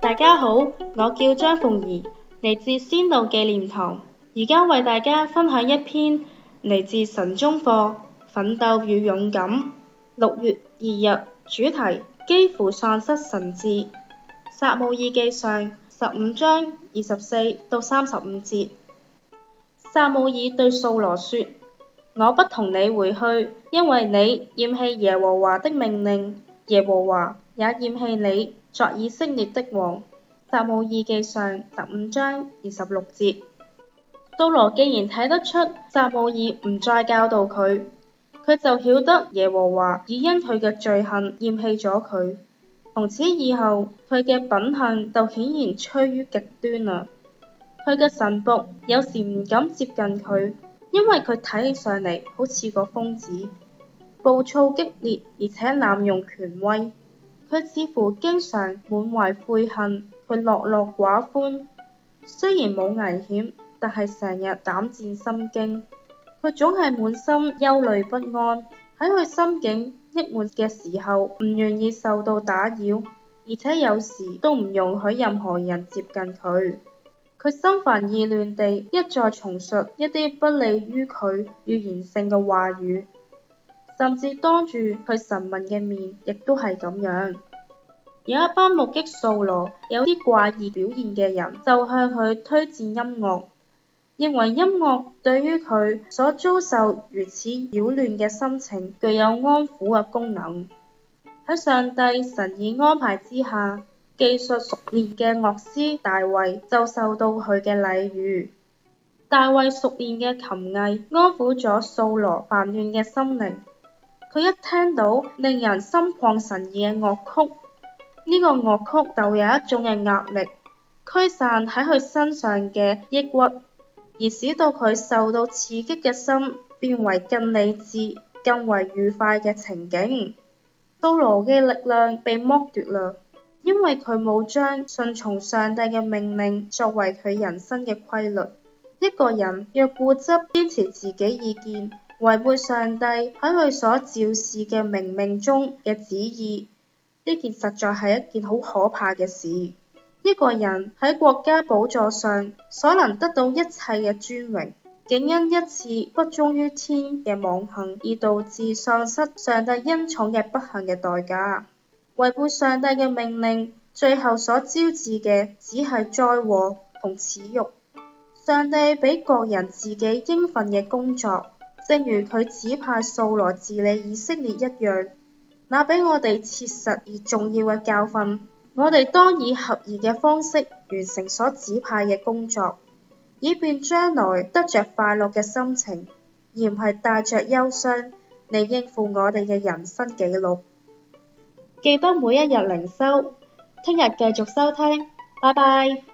大家好，我叫張鳳儀，嚟自仙道紀念堂，而家為大家分享一篇嚟自神中課《奮鬥與勇敢》，六月二日，主題幾乎喪失神智。撒母耳記上十五章二十四到三十五節。撒母耳對掃羅說：我不同你回去，因為你厭棄耶和華的命令，耶和華也厭棄你作以色列的王。撒母耳記上十五章二十六節。掃羅既然睇得出撒母耳唔再教導佢，佢就曉得耶和華已因佢嘅罪行厭棄咗佢。從此以後，佢嘅品行就顯然趨於極端啦。佢嘅神僕有時唔敢接近佢，因為佢睇起上嚟好似個瘋子，暴躁激烈，而且濫用權威。佢似乎經常滿懷悔恨，佢落落寡歡。雖然冇危險，但係成日膽戰心驚。佢總係滿心憂慮不安。喺佢心境抑鬱嘅時候，唔願意受到打擾，而且有時都唔容許任何人接近佢。佢心煩意亂地一再重述一啲不利於佢預言性嘅話語，甚至當住佢神民嘅面，亦都係咁樣。有一班目擊掃羅有啲怪異表現嘅人，就向佢推薦音樂，認為音樂對於佢所遭受如此擾亂嘅心情具有安撫嘅功能。喺上帝神意安排之下。技術熟練嘅樂師大衛就受到佢嘅禮遇。大衛熟練嘅琴藝安撫咗掃羅煩亂嘅心靈。佢一聽到令人心曠神怡嘅樂曲，呢、這個樂曲就有一種嘅壓力，驅散喺佢身上嘅抑鬱，而使到佢受到刺激嘅心變為更理智、更為愉快嘅情景。掃羅嘅力量被剝奪啦。因為佢冇將順從上帝嘅命令作為佢人生嘅規律，一個人若固執堅持自己意見，違背上帝喺佢所照示嘅命令中嘅旨意，呢件實在係一件好可怕嘅事。一個人喺國家寶座上所能得到一切嘅尊榮，竟因一次不忠於天嘅妄行而導致喪失上帝恩寵嘅不幸嘅代價。違背上帝嘅命令，最後所招致嘅只係災禍同恥辱。上帝俾各人自己應份嘅工作，正如佢指派掃羅治理以色列一樣，那俾我哋切實而重要嘅教訓，我哋當以合宜嘅方式完成所指派嘅工作，以便將來得着快樂嘅心情，而唔係帶着憂傷嚟應付我哋嘅人生紀錄。記得每一日靈修，聽日繼續收聽，拜拜。